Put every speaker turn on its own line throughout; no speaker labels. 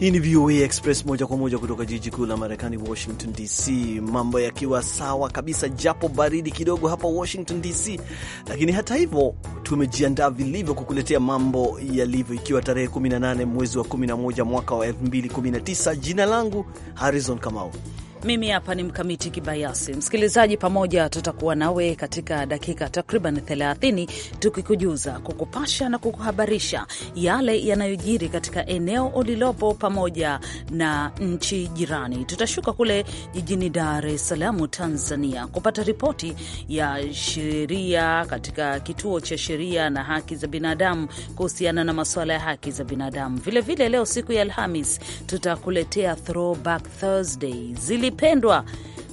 Hii ni VOA Express moja kwa moja kutoka jiji kuu la Marekani, Washington DC. Mambo yakiwa sawa kabisa, japo baridi kidogo hapa Washington DC, lakini hata hivyo tumejiandaa vilivyo kukuletea mambo yalivyo, ikiwa tarehe 18 mwezi wa 11 mwaka wa 2019. Jina langu Harrison Kamau.
Mimi hapa ni Mkamiti Kibayasi. Msikilizaji, pamoja tutakuwa nawe katika dakika takriban 30 tukikujuza, kukupasha na kukuhabarisha yale yanayojiri katika eneo ulilopo pamoja na nchi jirani. Tutashuka kule jijini Dar es Salaam, Tanzania, kupata ripoti ya sheria katika kituo cha sheria na haki za binadamu kuhusiana na masuala ya haki za binadamu. Vilevile vile leo siku ya Alhamis tutakuletea Throwback Thursday zili pendwa.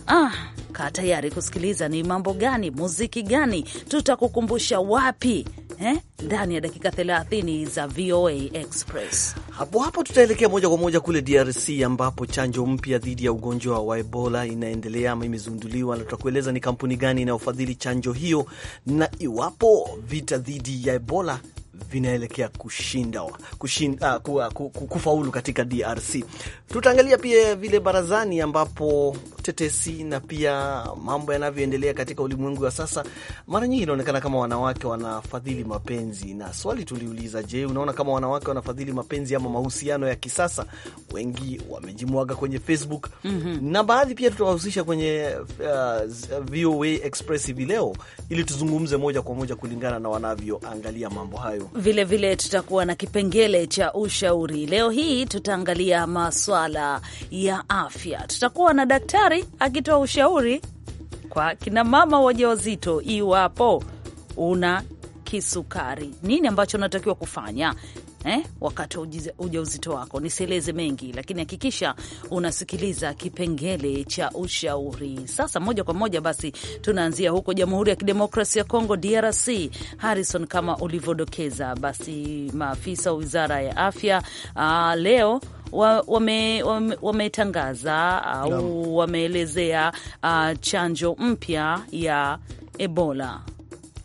Ah, kaa tayari kusikiliza ni mambo gani, muziki gani, tutakukumbusha wapi eh? ndani eh, ya dakika 30 za VOA Express.
Hapo hapo tutaelekea moja kwa moja kule DRC ambapo chanjo mpya dhidi ya ugonjwa wa Ebola inaendelea ama imezunduliwa na tutakueleza ni kampuni gani inayofadhili chanjo hiyo na iwapo vita dhidi ya Ebola vinaelekea kushinda kushinda, ah, ah, kufaulu katika DRC. Tutaangalia pia vile barazani, ambapo tetesi na pia mambo yanavyoendelea katika ulimwengu wa sasa, mara nyingi inaonekana kama wanawake wanafadhili mapenzi. Na swali tuliuliza, je, unaona kama wanawake wanafadhili mapenzi ama mahusiano ya kisasa? Wengi wamejimwaga kwenye Facebook mm -hmm. na baadhi pia tutawahusisha kwenye uh, VOA Express hivi leo ili tuzungumze moja kwa moja kulingana na wanavyoangalia mambo hayo.
Vilevile tutakuwa na kipengele cha ushauri. Leo hii tutaangalia maswala ya afya, tutakuwa na daktari daktari akitoa ushauri kwa kinamama wajawazito, iwapo una kisukari, nini ambacho unatakiwa kufanya eh, wakati wa ujauzito wako. Nisieleze mengi, lakini hakikisha unasikiliza kipengele cha ushauri. Sasa moja kwa moja basi tunaanzia huko Jamhuri ya Kidemokrasi ya Kongo, DRC. Harrison, kama ulivyodokeza, basi maafisa wa wizara ya afya aa, ah, leo wametangaza wa wa au wameelezea uh, chanjo mpya ya Ebola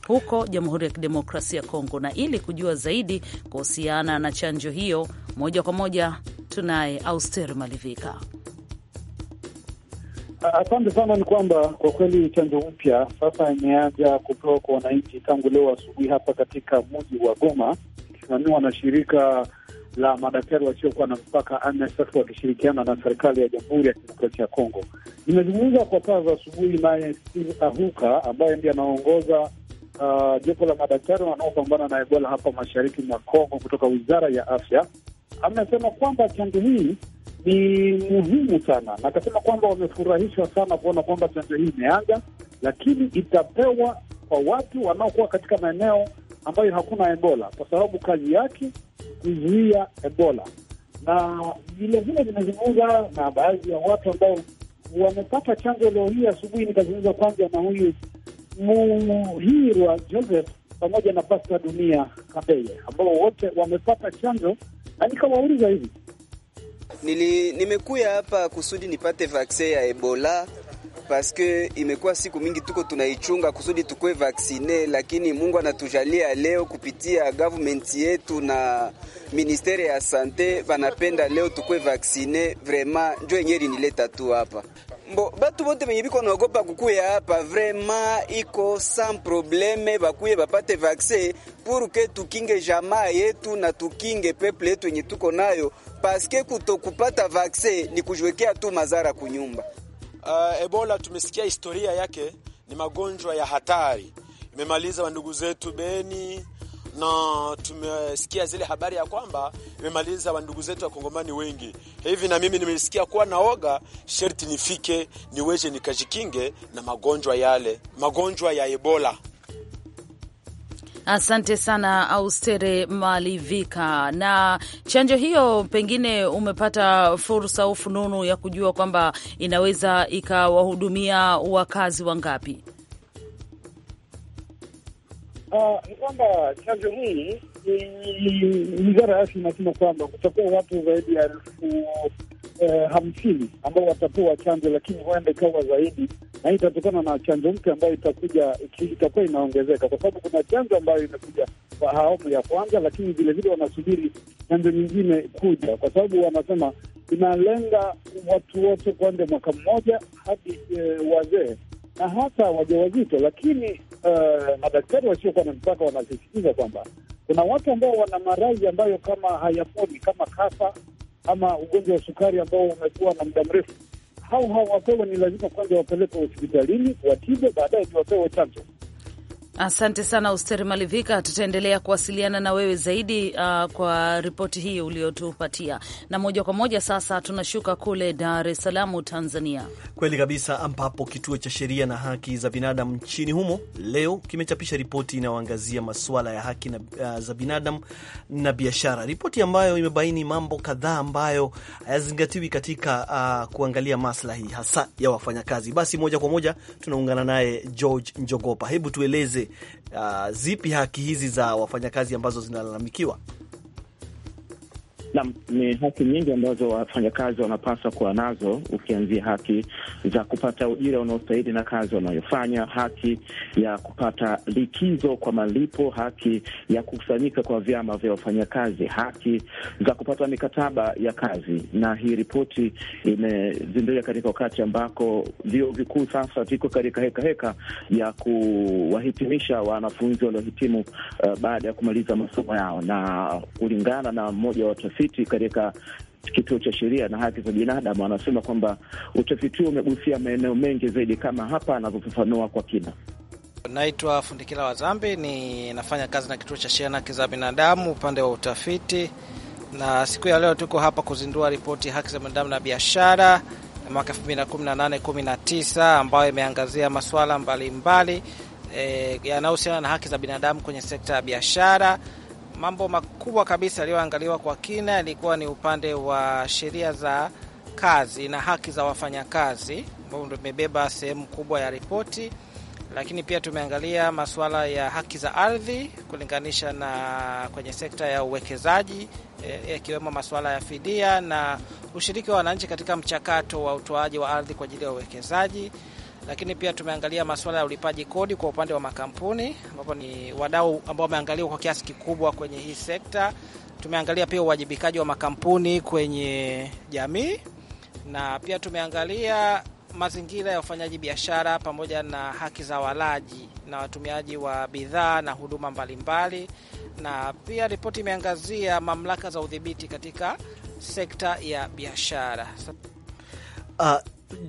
huko Jamhuri ya Kidemokrasia ya Kongo. Na ili kujua zaidi kuhusiana na chanjo hiyo, moja kwa moja tunaye Auster Malivika.
Asante sana. Ni kwamba kwa kweli chanjo mpya sasa imeanza kupewa kwa wananchi tangu leo asubuhi hapa katika mji wa Goma, ikisimamiwa na shirika la madaktari wasiokuwa na mpaka NSF wakishirikiana na serikali ya Jamhuri ya Kidemokrasia ya Kongo. Nimezungumza kwa saa za asubuhi naye Steve Ahuka ambaye ndiye anaongoza Uh, jopo la madaktari wanaopambana na Ebola hapa mashariki mwa Kongo kutoka Wizara ya Afya amesema kwamba chanjo hii ni muhimu sana, na akasema kwamba wamefurahishwa sana kuona kwamba chanjo hii imeanza, lakini itapewa kwa watu wanaokuwa katika maeneo ambayo hakuna Ebola, kwa sababu kazi yake kuzuia Ebola, na vilevile nimezungumza na baadhi ya watu ambao wamepata chanjo leo hii asubuhi. Nikazungumza kwanza na huyu Muhirwa Joseph pamoja na Pasta Dunia Kabeye ambao wote wamepata chanjo, na nikawauliza hivi
Nili, nimekuya hapa kusudi nipate vaksin ya Ebola paske imekuwa siku mingi tuko tunaichunga kusudi tukue vaksine, lakini Mungu anatujalia leo kupitia government yetu na ministere ya sante vanapenda leo tukue
vaksine. Vraiment njo yenye linileta tu hapa mbo batu bote benye biko naogopa kukuya hapa, vraiment iko sans probleme, bakuye bapate vaksin pour
que tukinge jamaa yetu na tukinge peple yetu yenye tuko nayo, paske kutokupata vaksin ni kujiwekea tu madhara kunyumba.
Uh, Ebola tumesikia historia yake, ni magonjwa ya hatari, imemaliza wandugu zetu Beni na tumesikia zile habari ya kwamba imemaliza wandugu zetu wakongomani wengi. Hivi na mimi nimesikia kuwa naoga, sherti nifike niweze nikajikinge na magonjwa yale, magonjwa ya Ebola.
Asante sana Austere Malivika. Na chanjo hiyo, pengine umepata fursa au fununu ya kujua kwamba inaweza ikawahudumia wakazi wangapi?
Ah, ni kwamba chanjo hii, wizara ya afya inasema kwamba kutakuwa watu zaidi ya elfu eh, hamsini ambao watapewa chanjo, lakini huenda ikawa zaidi, na hii itatokana na chanjo mpya ambayo itakuja, itakuwa inaongezeka, kwa sababu kuna chanjo ambayo imekuja kwa awamu ya kwanza, lakini vilevile wanasubiri chanjo nyingine kuja, kwa sababu wanasema inalenga watu wote kuanzia mwaka mmoja hadi eh, wazee na hasa wajawazito. Lakini eh, madaktari wasiokuwa na mpaka wanasisitiza kwamba kuna watu ambao wana maradhi ambayo kama hayaponi kama kafa ama ugonjwa wa sukari ambao umekuwa na muda mrefu, hao hawapewe, ni lazima kwanza wapelekwe hospitalini watibwe, baadaye ndio wapewe chanjo.
Asante sana Usteri Malivika, tutaendelea kuwasiliana na wewe zaidi uh, kwa ripoti hii uliotupatia. Na moja kwa moja sasa tunashuka kule Dar es Salaam, Tanzania.
Kweli kabisa, ambapo kituo cha sheria na haki za binadamu nchini humo leo kimechapisha ripoti inayoangazia masuala ya haki na, uh, za binadamu na biashara, ripoti ambayo imebaini mambo kadhaa ambayo hayazingatiwi katika uh, kuangalia maslahi hasa ya wafanyakazi. Basi moja kwa moja tunaungana naye George Njogopa, hebu tueleze Uh, zipi haki hizi za wafanyakazi ambazo zinalalamikiwa?
Naam, ni haki nyingi ambazo wafanyakazi wanapaswa kuwa nazo, ukianzia haki za kupata ujira unaostahili na kazi wanayofanya, haki ya kupata likizo kwa malipo, haki ya kukusanyika kwa vyama vya wafanyakazi, haki za kupata mikataba ya kazi. Na hii ripoti imezinduliwa katika wakati ambako vyuo vikuu sasa viko katika hekaheka heka ya kuwahitimisha wanafunzi waliohitimu uh, baada ya kumaliza masomo yao, na kulingana na mmoja wa watafiti utafiti katika kituo cha sheria na haki za binadamu anasema kwamba utafiti huo umegusia maeneo mengi zaidi, kama hapa anavyofafanua kwa kina.
Naitwa Fundikila wa Zambi, ni nafanya kazi na kituo cha sheria na haki za binadamu upande wa utafiti, na siku ya leo tuko hapa kuzindua ripoti ya haki za binadamu na biashara ya mwaka 2018 19 ambayo imeangazia masuala mbalimbali e, yanayohusiana na haki za binadamu kwenye sekta ya biashara mambo makubwa kabisa yaliyoangaliwa kwa kina yalikuwa ni upande wa sheria za kazi na haki za wafanyakazi, ambao ndio imebeba sehemu kubwa ya ripoti, lakini pia tumeangalia masuala ya haki za ardhi kulinganisha na kwenye sekta ya uwekezaji e, yakiwemo e, masuala ya fidia na ushiriki wa wananchi katika mchakato wa utoaji wa ardhi kwa ajili ya uwekezaji lakini pia tumeangalia masuala ya ulipaji kodi kwa upande wa makampuni, ambapo ni wadau ambao wameangaliwa kwa kiasi kikubwa kwenye hii sekta. Tumeangalia pia uwajibikaji wa makampuni kwenye jamii na pia tumeangalia mazingira ya ufanyaji biashara pamoja na haki za walaji na watumiaji wa bidhaa na huduma mbalimbali mbali. Na pia ripoti imeangazia mamlaka za udhibiti katika sekta ya biashara.
Uh,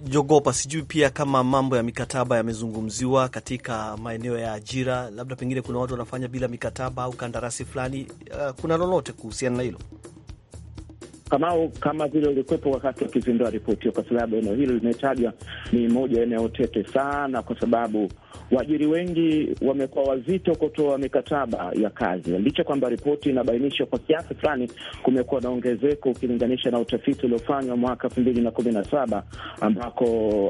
jogopa, sijui pia kama mambo ya mikataba yamezungumziwa katika maeneo ya ajira, labda pengine kuna watu wanafanya bila mikataba au kandarasi fulani. Uh, kuna lolote kuhusiana na hilo?
Kamau, kama vile ulikuwepo wakati wakizindua ripoti hiyo, kwa sababu eneo hilo limetajwa ni moja eneo tete sana, kwa sababu Waajiri wengi wamekuwa wazito kutoa mikataba ya kazi, licha kwamba ripoti inabainisha kwa kiasi fulani kumekuwa na ongezeko ukilinganisha na utafiti uliofanywa mwaka elfu mbili na kumi na saba ambako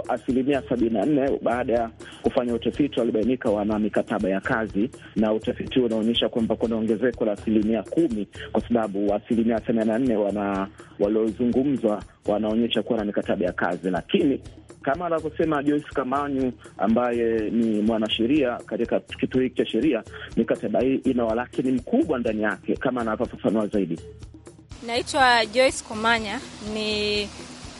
asilimia sabini na nne baada ya kufanya utafiti walibainika wana mikataba ya kazi, na utafiti huo unaonyesha kwamba kuna ongezeko la asilimia kumi kwa sababu asilimia themanini na nne wana waliozungumzwa wanaonyesha kuwa na mikataba ya kazi, lakini kama anavyosema Joyce Kamanyu ambaye ni mwanasheria katika kituo hiki cha sheria, ni katiba hii ina walakini mkubwa ndani yake, kama anavyofafanua zaidi.
Naitwa Joyce Komanya, ni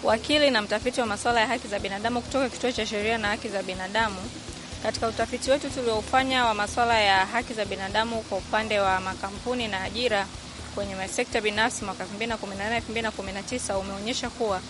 wakili na mtafiti wa masuala ya haki za binadamu kutoka kituo cha sheria na haki za binadamu. Katika utafiti wetu tuliofanya wa masuala ya haki za binadamu kwa upande wa makampuni na ajira kwenye sekta binafsi mwaka 2018 2019 umeonyesha kuwa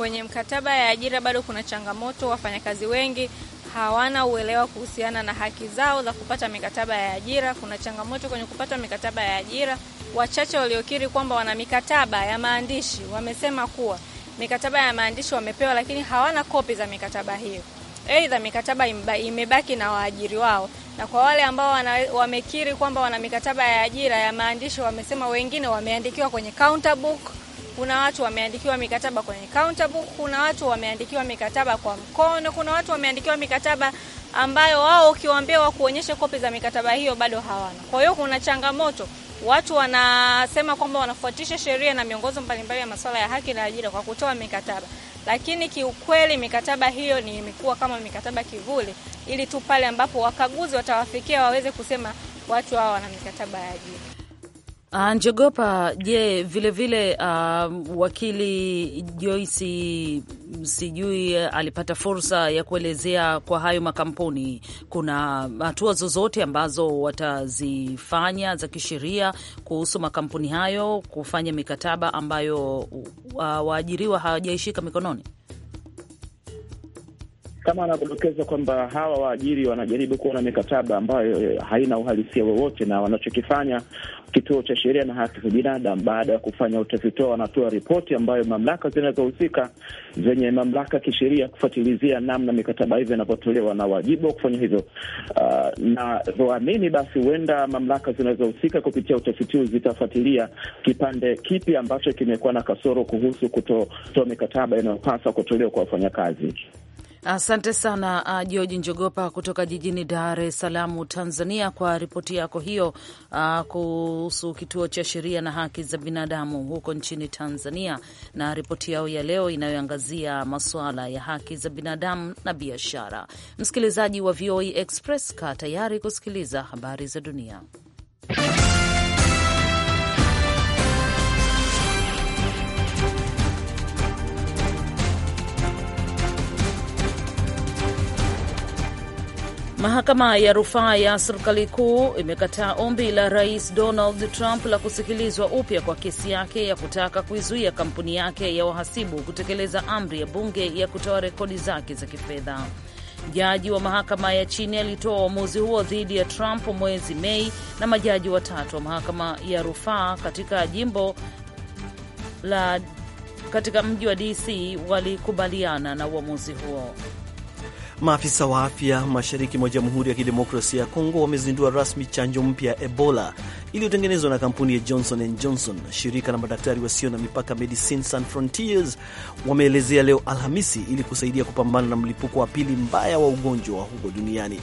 kwenye mkataba ya ajira bado kuna changamoto, wafanyakazi wengi hawana uelewa kuhusiana na haki zao za kupata mikataba ya ajira. Kuna changamoto kwenye kupata mikataba ya ajira. Wachache waliokiri kwamba wana mikataba ya maandishi wamesema kuwa mikataba ya maandishi wamepewa, lakini hawana kopi za mikataba hiyo. Aidha, mikataba imebaki na waajiri wao, na kwa wale ambao wana, wamekiri kwamba wana mikataba ya ajira ya maandishi wamesema wengine wameandikiwa kwenye counter book kuna watu wameandikiwa mikataba kwenye counter book, kuna watu wameandikiwa mikataba kwa mkono, kuna watu wameandikiwa mikataba ambayo wao ukiwaambia wakuonyeshe kopi za mikataba hiyo bado hawana. Kwa hiyo kuna changamoto, watu wanasema kwamba wanafuatisha sheria na miongozo mbalimbali ya masuala ya haki na ajira kwa kutoa mikataba, lakini kiukweli mikataba hiyo ni imekuwa kama mikataba kivuli, ili tu pale ambapo wakaguzi watawafikia waweze kusema watu hawa wana mikataba ya ajira.
Ah, njogopa, je, vilevile uh, ah, wakili Joyce sijui alipata fursa ya kuelezea kwa hayo makampuni, kuna hatua zozote ambazo watazifanya za kisheria kuhusu makampuni hayo kufanya mikataba ambayo uh, waajiriwa hawajaishika mikononi?
kama anavyodokeza kwamba hawa waajiri wanajaribu kuwa na mikataba ambayo eh, haina uhalisia wowote, na wanachokifanya Kituo cha Sheria na Haki za Binadamu, baada ya kufanya utafiti wao, wanatoa ripoti ambayo mamlaka zinazohusika zenye mamlaka kisheria kufuatilizia namna mikataba hivyo inavyotolewa na wajibu wa kufanya hivyo. Uh, ah, navyoamini basi, huenda mamlaka zinazohusika kupitia utafiti huu zitafuatilia kipande kipi ambacho kimekuwa na kasoro kuhusu kutotoa mikataba inayopaswa kutolewa kwa wafanyakazi.
Asante sana uh, georgi Njogopa kutoka jijini Dar es Salaam, Tanzania, kwa ripoti yako hiyo uh, kuhusu kituo cha sheria na haki za binadamu huko nchini Tanzania na ripoti yao ya leo inayoangazia masuala ya haki za binadamu na biashara. Msikilizaji wa VOA e Express, kaa tayari kusikiliza habari za dunia. Mahakama ya rufaa ya serikali kuu imekataa ombi la rais Donald Trump la kusikilizwa upya kwa kesi yake ya kutaka kuizuia kampuni yake ya wahasibu kutekeleza amri ya bunge ya kutoa rekodi zake za kifedha. Jaji wa mahakama ya chini alitoa uamuzi huo dhidi ya Trump mwezi Mei na majaji watatu wa mahakama ya rufaa katika jimbo la katika mji wa DC walikubaliana na uamuzi huo.
Maafisa wa afya mashariki mwa Jamhuri ya Kidemokrasia ya Kongo wamezindua rasmi chanjo mpya ya Ebola iliyotengenezwa na kampuni ya Johnson and Johnson. Shirika la madaktari wasio na mipaka Medicine Sans Frontiers wameelezea leo Alhamisi, ili kusaidia kupambana na mlipuko wa pili mbaya wa ugonjwa wa huko duniani.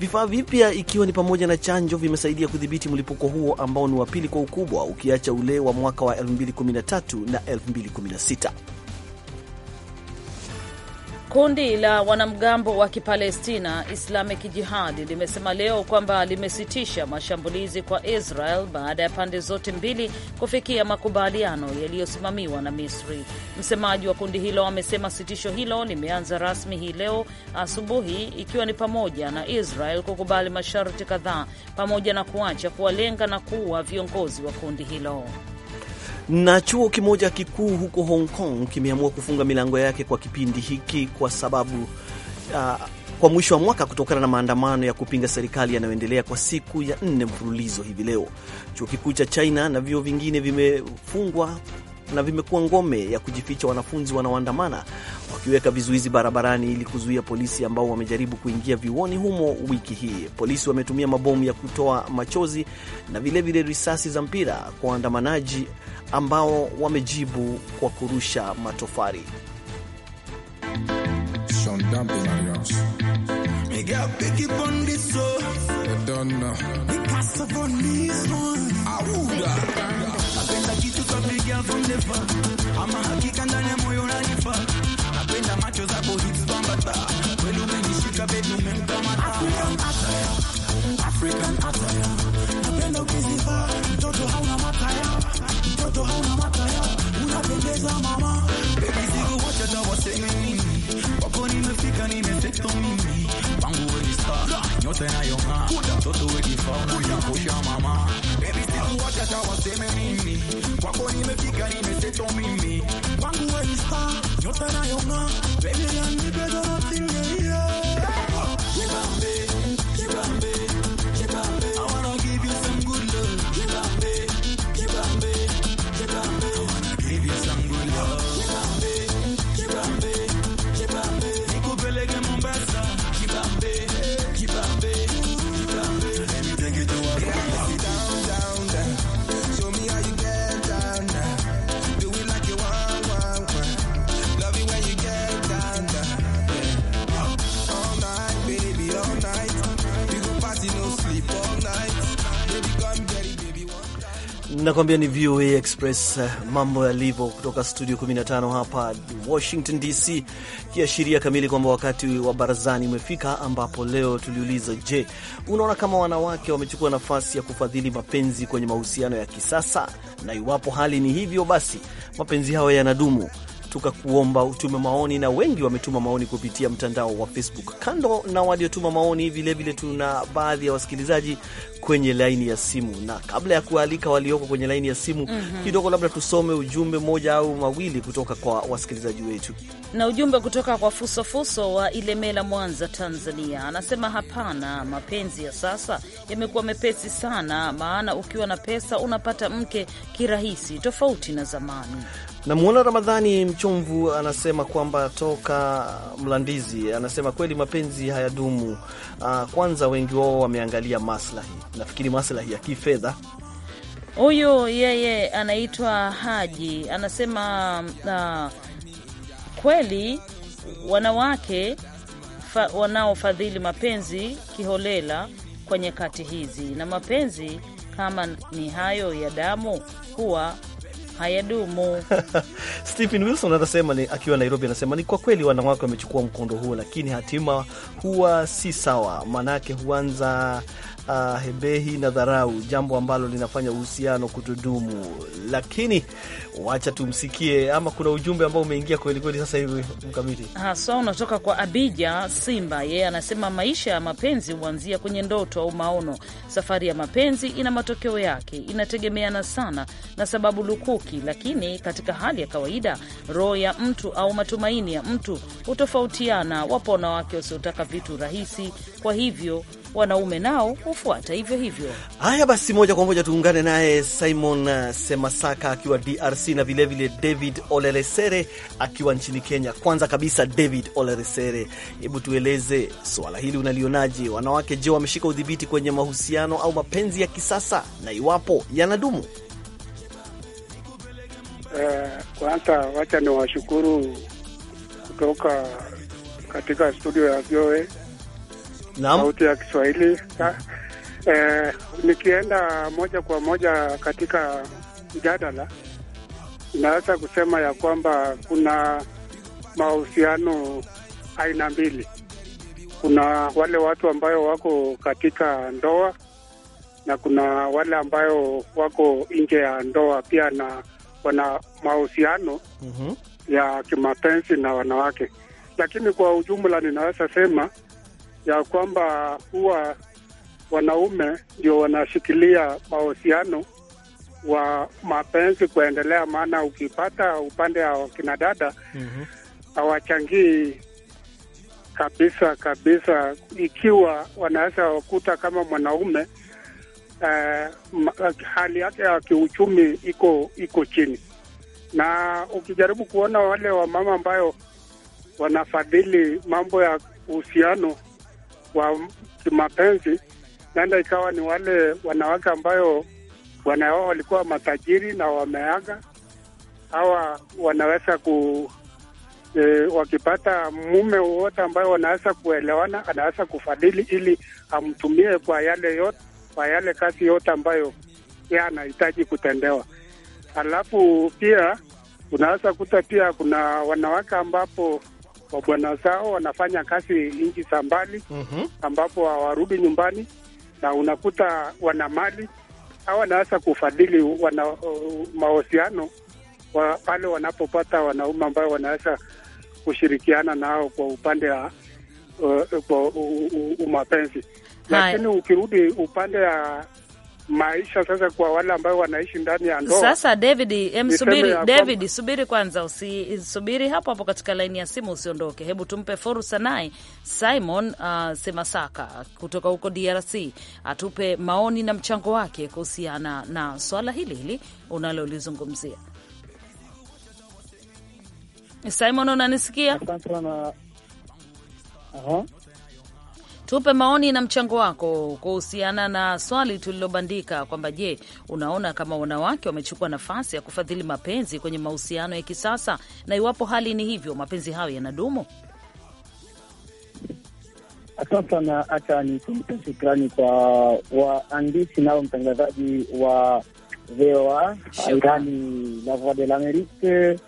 Vifaa vipya ikiwa ni pamoja na chanjo vimesaidia kudhibiti mlipuko huo ambao ni wa pili kwa ukubwa, ukiacha ule wa mwaka wa 2013 na 2016.
Kundi la wanamgambo wa Kipalestina Islamic Jihad limesema leo kwamba limesitisha mashambulizi kwa Israel baada ya pande zote mbili kufikia makubaliano yaliyosimamiwa na Misri. Msemaji wa kundi hilo amesema sitisho hilo limeanza rasmi hii leo asubuhi, ikiwa ni pamoja na Israel kukubali masharti kadhaa pamoja na kuacha kuwalenga na kuua viongozi wa kundi hilo.
Na chuo kimoja kikuu huko Hong Kong kimeamua kufunga milango yake kwa kipindi hiki kwa sababu uh, kwa mwisho wa mwaka kutokana na maandamano ya kupinga serikali yanayoendelea kwa siku ya nne mfululizo hivi leo. Chuo kikuu cha China na vyuo vingine vimefungwa na vimekuwa ngome ya kujificha wanafunzi wanaoandamana wakiweka vizuizi barabarani ili kuzuia polisi ambao wamejaribu kuingia viuoni humo wiki hii. Polisi wametumia mabomu ya kutoa machozi na vilevile risasi za mpira kwa waandamanaji ambao wamejibu kwa kurusha matofari
kusikia voneva ama hakika ndani ya moyo nanifa napenda macho za bohizi bambata kweli umenishika bebi umemkamata African attire napenda ukiziva mtoto hauna mataya mtoto hauna mataya unapendeza mama bebi siku wote tawaseme nini wako nimefika nimetekwa mimi Nyote nayong'aa, mtoto wekifaulu ya kusha mama, baby siku wachacha waseme nini, kwako nimefika, nimeseto mimi, kwangu wewe star, nyote nayong'aa, baby yanipenda na feel yeah, yeah.
Nakwambia ni VOA Express, eh, mambo yalivyo kutoka studio 15 hapa Washington DC, kiashiria kamili kwamba wakati wa barazani umefika, ambapo leo tuliuliza, je, unaona kama wanawake wamechukua nafasi ya kufadhili mapenzi kwenye mahusiano ya kisasa, na iwapo hali ni hivyo, basi mapenzi hayo yanadumu? tukakuomba utume maoni, na wengi wametuma maoni kupitia mtandao wa Facebook. Kando na waliotuma maoni, vilevile tuna baadhi ya wasikilizaji kwenye laini ya simu, na kabla ya kualika walioko kwenye laini ya simu mm -hmm. kidogo labda tusome ujumbe moja au mawili kutoka kwa wasikilizaji wetu.
Na ujumbe kutoka kwa Fusofuso wa Ilemela, Mwanza, Tanzania, anasema hapana, mapenzi ya sasa yamekuwa mepesi sana, maana ukiwa na pesa unapata mke kirahisi, tofauti na zamani.
Namwona Ramadhani Mchomvu anasema kwamba toka Mlandizi anasema kweli mapenzi hayadumu. Uh, kwanza wengi wao wameangalia maslahi, nafikiri maslahi ya kifedha.
Huyu yeye anaitwa Haji anasema uh, kweli wanawake wanaofadhili mapenzi kiholela kwa nyakati hizi, na mapenzi kama ni hayo ya damu huwa hayadumu.
Stephen Wilson anasema ni, akiwa Nairobi anasema ni kwa kweli wanawake wamechukua mkondo huo, lakini hatima huwa si sawa, maanake huanza uh, hebehi na dharau, jambo ambalo linafanya uhusiano kutodumu. Lakini wacha tumsikie, ama kuna ujumbe ambao umeingia kwelikweli sasa hivi mkamiti
haswa, so unatoka kwa Abija Simba. Yeye yeah, anasema maisha ya mapenzi huanzia kwenye ndoto au maono. Safari ya mapenzi ina matokeo yake, inategemeana sana na sababu lukuki, lakini katika hali ya kawaida roho ya mtu au matumaini ya mtu hutofautiana. Wapo wanawake wasiotaka vitu rahisi, kwa hivyo wanaume nao hufuata hivyo hivyo.
Haya basi, moja kwa moja tuungane naye Simon uh, Semasaka akiwa DRC na vilevile David Oleresere akiwa nchini Kenya. Kwanza kabisa, David Oleresere, hebu tueleze swala hili unalionaje? Wanawake je, wameshika udhibiti kwenye mahusiano au mapenzi ya kisasa na iwapo yanadumu?
Eh, kwanza wacha ni washukuru kutoka katika studio ya VOA sauti ya Kiswahili. Eh, nikienda moja kwa moja katika mjadala, inaweza kusema ya kwamba kuna mahusiano aina mbili. Kuna wale watu ambayo wako katika ndoa na kuna wale ambayo wako nje ya ndoa pia na wana mahusiano mm -hmm. ya kimapenzi na wanawake, lakini kwa ujumla ninaweza sema ya kwamba huwa wanaume ndio wanashikilia mahusiano wa mapenzi kuendelea, maana ukipata upande wa kina dada mhm. hawachangii mm -hmm. kabisa kabisa, ikiwa wanaweza wakuta kama mwanaume eh, hali yake ya kiuchumi iko iko chini, na ukijaribu kuona wale wamama ambayo wanafadhili mambo ya uhusiano wa kimapenzi, naenda ikawa ni wale wanawake ambayo wanawao walikuwa matajiri na wameaga. Hawa wanaweza ku e, wakipata mume wowote ambayo wanaweza kuelewana, anaweza kufadhili ili amtumie kwa yale yote, kwa yale kazi yote ambayo yeye anahitaji kutendewa. Alafu pia unaweza kuta pia kuna wanawake ambapo wabwana zao wanafanya kazi nchi za mbali mm -hmm. ambapo hawarudi nyumbani na unakuta wana mali au wanaweza kufadhili wana uh, mahusiano wa, pale wanapopata wanaume ambao wanaweza kushirikiana nao kwa upande wa uh, kwa umapenzi, lakini ukirudi upande ya maisha sasa kwa wale
ambao wanaishi ndani ya ndoa. Sasa David, subiri, David, subiri kwanza, usisubiri hapo hapo katika laini ya simu, usiondoke. Hebu tumpe fursa naye Simon uh, Semasaka kutoka huko DRC atupe maoni na mchango wake kuhusiana na swala hili hili unalolizungumzia. Simon, unanisikia? Tupe maoni na mchango wako kuhusiana na swali tulilobandika kwamba, je, unaona kama wanawake wamechukua nafasi ya kufadhili mapenzi kwenye mahusiano ya kisasa, na iwapo hali ni hivyo, mapenzi hayo yanadumu? Asante
sana. ni nitumike shukrani kwa waandishi nao mtangazaji wa VOA, Irani la Voix de l'Amerique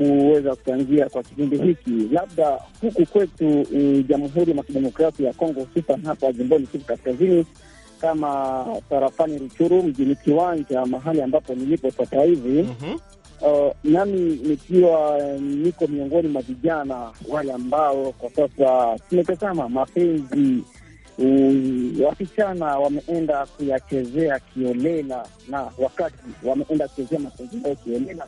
kuweza kuchangia kwa kipindi hiki. Labda huku kwetu eh, Jamhuri ya Kidemokrasia ya Kongo, hususan hapa jimboni Kivu Kaskazini, kama tarafani Ruchuru mjini Kiwanja, mahali ambapo nilipo sasa hivi mm -hmm. Uh, nami nikiwa eh, niko miongoni mwa vijana wale ambao kwa sasa tumetazama mapenzi wasichana wameenda kuyachezea kiolela, na wakati wameenda kuchezea mapenzi yao kiolela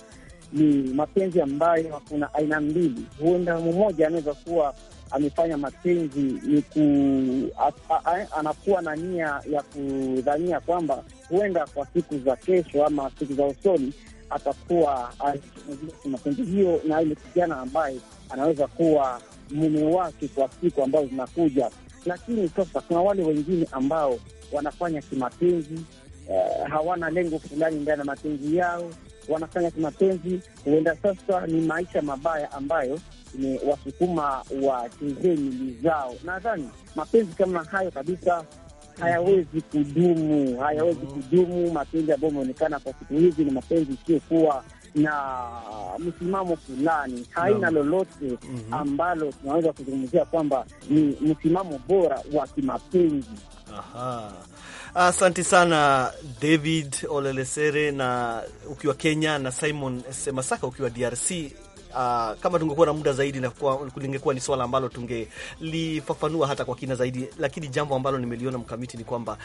ni mapenzi ambayo kuna aina mbili. Huenda mmoja anaweza kuwa amefanya mapenzi ni ku, a, a, a, anakuwa na nia ya kudhania kwamba huenda kwa siku za kesho ama siku za usoni atakuwa mapenzi hiyo na ile kijana ambaye anaweza kuwa mume wake kwa siku ambazo zinakuja. Lakini sasa kuna wale wengine ambao wanafanya kimapenzi eh, hawana lengo fulani ndani ya mapenzi yao wanafanya kimapenzi. Huenda sasa ni maisha mabaya ambayo ni wasukuma wachezee mili zao. Nadhani mapenzi kama hayo kabisa hayawezi kudumu, hayawezi mm-hmm. kudumu. Mapenzi ambayo imeonekana kwa siku hizi ni mapenzi isiyokuwa na msimamo fulani, haina lolote mm-hmm. ambalo tunaweza kuzungumzia kwamba ni msimamo bora wa kimapenzi.
Aha asanti sana David Olelesere na ukiwa Kenya na Simon Semasaka ukiwa DRC. Uh, ah, kama tungekuwa na muda zaidi na lingekuwa ni swala ambalo tungelifafanua hata kwa kina zaidi, lakini jambo ambalo nimeliona mkamiti ni kwamba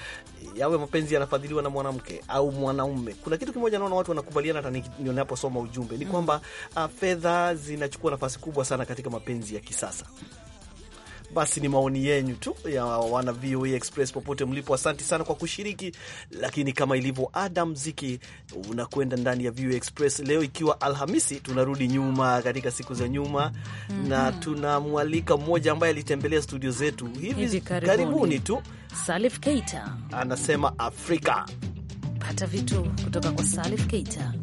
yawe mapenzi yanafadhiliwa na mwanamke au mwanaume, kuna kitu kimoja naona watu wanakubaliana, hata ninaposoma ujumbe ni mm. kwamba uh, fedha zinachukua nafasi kubwa sana katika mapenzi ya kisasa. Basi ni maoni yenyu tu ya wana VOA Express popote mlipo, asanti sana kwa kushiriki. Lakini kama ilivyo ada, mziki unakwenda ndani ya VOA Express leo, ikiwa Alhamisi, tunarudi nyuma katika siku za nyuma mm -hmm. na tunamwalika mmoja ambaye alitembelea studio zetu hivi, karibuni, karibuni
tu Salif Keita
anasema Afrika
pata vitu kutoka kwa Salif Keita.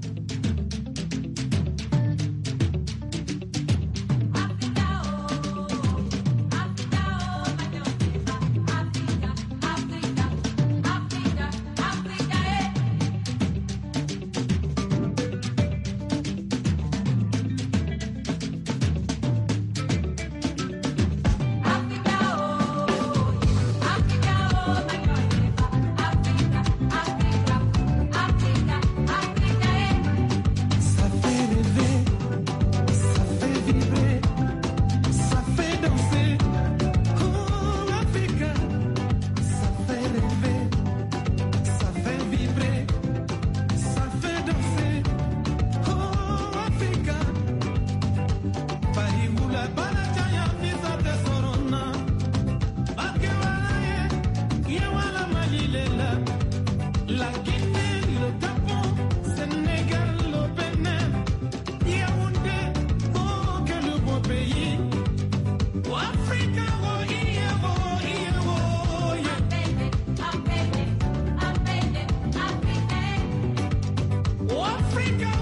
we go!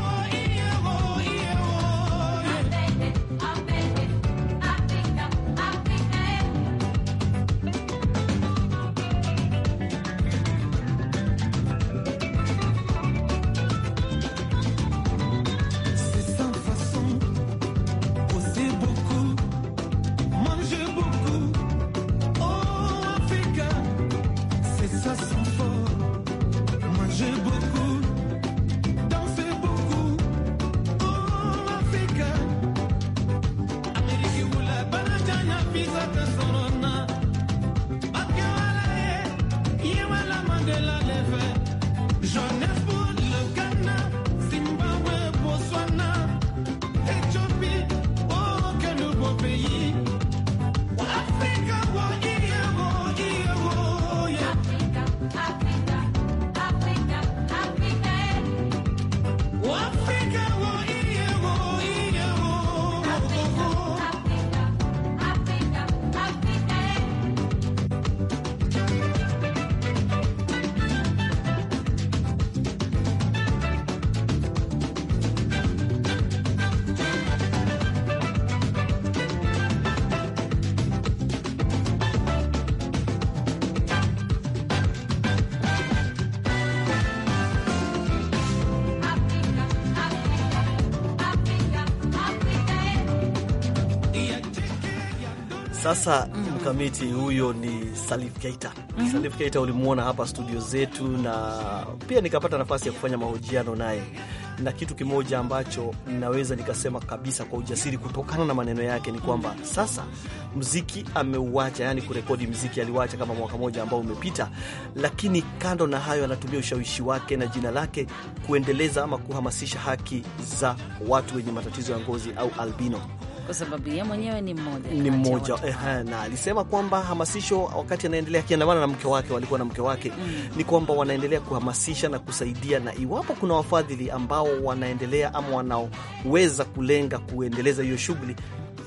Sasa mm. mkamiti huyo ni Salif Keita. mm -hmm. Salif Keita ulimwona hapa studio zetu, na pia nikapata nafasi ya kufanya mahojiano naye, na kitu kimoja ambacho naweza nikasema kabisa kwa ujasiri kutokana na maneno yake ni kwamba sasa mziki ameuacha, yani kurekodi mziki aliwacha kama mwaka moja ambao umepita, lakini kando na hayo anatumia ushawishi wake na jina lake kuendeleza ama kuhamasisha haki za watu wenye matatizo ya ngozi au albino kwa sababu yeye
mwenyewe ni mmoja ni mmoja eh,
na alisema kwamba hamasisho wakati anaendelea akiandamana na mke wake, walikuwa na mke wake mm, ni kwamba wanaendelea kuhamasisha na kusaidia, na iwapo kuna wafadhili ambao wanaendelea ama wanaoweza kulenga kuendeleza hiyo shughuli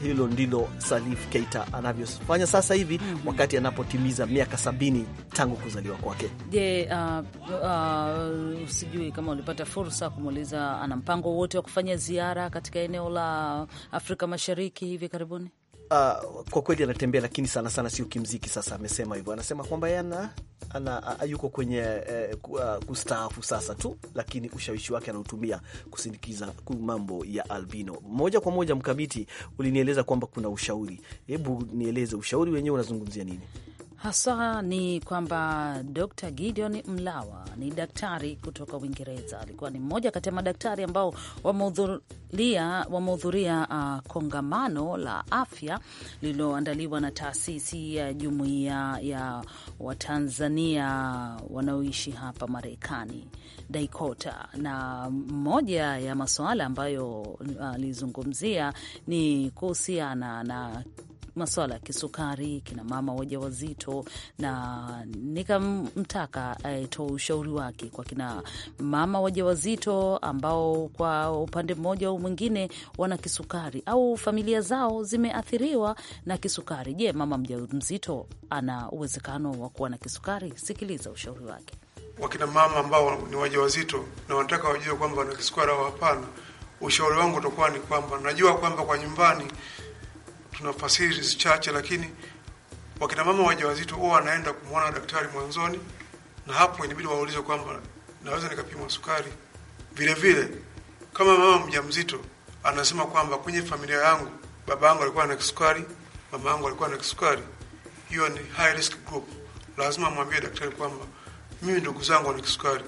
hilo ndilo Salif Keita anavyofanya sasa hivi mm -hmm. wakati anapotimiza miaka sabini tangu kuzaliwa kwake.
Je, uh, uh, sijui kama ulipata fursa kumuuliza ana mpango wote wa kufanya ziara katika eneo la Afrika Mashariki hivi karibuni?
Uh, kwa kweli anatembea lakini sana sana sio kimziki. Sasa amesema hivyo, anasema kwamba yana ana yuko kwenye eh, uh, kustaafu sasa tu, lakini ushawishi wake anautumia kusindikiza mambo ya albino moja kwa moja. Mkamiti, ulinieleza kwamba kuna ushauri, hebu nieleze ushauri wenyewe unazungumzia nini?
haswa ni kwamba Dr Gideon Mlawa ni daktari kutoka Uingereza. Alikuwa ni mmoja kati ya madaktari ambao wamehudhuria uh, kongamano la afya lililoandaliwa na taasisi ya jumuiya ya Watanzania wanaoishi hapa Marekani, DAIKOTA, na moja ya masuala ambayo uh, alizungumzia uh, ni kuhusiana na masuala ya kisukari, kina mama waja wazito na nikamtaka aitoe eh, ushauri wake kwa kina mama waja wazito ambao kwa upande mmoja au mwingine wana kisukari au familia zao zimeathiriwa na kisukari. Je, mama mja mzito ana uwezekano wa kuwa na
kisukari? Sikiliza ushauri wake. Wakina mama ambao ni wajawazito na wanataka wajue kwamba wana kisukari au hapana, ushauri wangu utakuwa ni kwamba najua kwamba kwa nyumbani tuna facilities chache, lakini wakina mama wajawazito huwa wanaenda kumwona daktari mwanzoni, na hapo inabidi waulize kwamba naweza nikapimwa sukari. Vile vile kama mama mjamzito anasema kwamba kwenye familia yangu baba yangu alikuwa na kisukari, mama yangu alikuwa na kisukari, hiyo ni high risk group. Lazima mwambie daktari kwamba mimi ndugu zangu wana kisukari,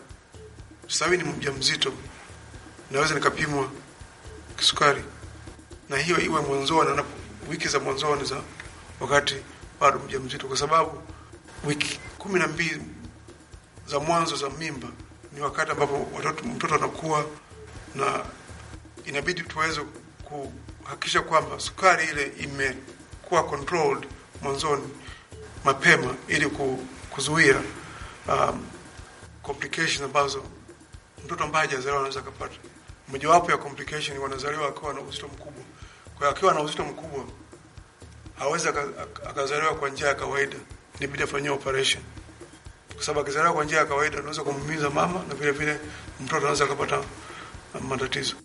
sasa hivi ni mjamzito, naweza nikapimwa kisukari, na hiyo iwe mwanzoni anapo wiki za mwanzoni za wakati bado mjamzito, kwa sababu wiki kumi na mbili za mwanzo za mimba ni wakati ambapo watoto, mtoto anakuwa na inabidi tuweze kuhakikisha kwamba sukari ile imekuwa controlled mwanzoni mapema ili kuzuia um, complications ambazo mtoto ambaye hajazaliwa anaweza kupata. Mojawapo ya complication wanazaliwa akiwa na uzito mkubwa kwa hiyo akiwa na uzito mkubwa hawezi akazaliwa kwa njia ya kawaida, inabidi afanyiwe operation, kwa sababu akizaliwa kwa njia ya kawaida anaweza kumumiza mama na vile vile mtoto anaweza akapata matatizo.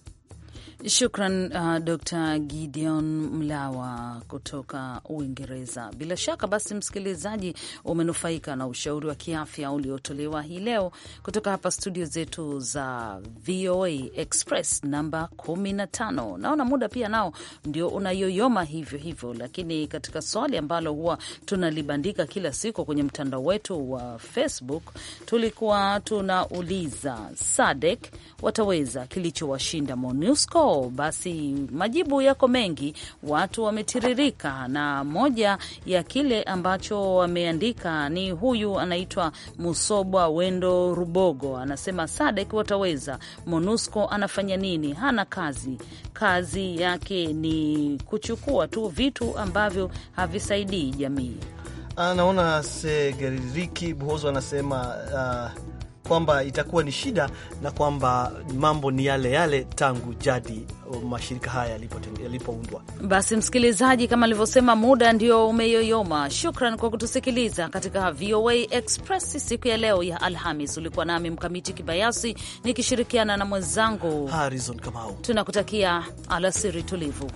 Shukran uh, Dr Gideon Mlawa kutoka Uingereza. Bila shaka basi, msikilizaji, umenufaika na ushauri wa kiafya uliotolewa hii leo kutoka hapa studio zetu za VOA Express namba 15. Naona muda pia nao ndio unayoyoma hivyo hivyo, lakini katika swali ambalo huwa tunalibandika kila siku kwenye mtandao wetu wa Facebook, tulikuwa tunauliza Sadek wataweza kilichowashinda MONUSCO Oh, basi majibu yako mengi, watu wametiririka, na moja ya kile ambacho wameandika ni huyu anaitwa Musobwa Wendo Rubogo, anasema Sadek wataweza, MONUSCO anafanya nini? Hana kazi, kazi yake ni kuchukua tu vitu ambavyo havisaidii jamii.
Anaona ah, Segeririki Buhozo anasema uh kwamba itakuwa ni shida na kwamba mambo ni yale yale tangu jadi uh, mashirika haya yalipoundwa.
Basi msikilizaji, kama alivyosema, muda ndio umeyoyoma. Shukran kwa kutusikiliza katika VOA Express siku ya leo ya Alhamis. Ulikuwa nami Mkamiti Kibayasi nikishirikiana na mwenzangu Harizon Kamau. Tunakutakia alasiri tulivu.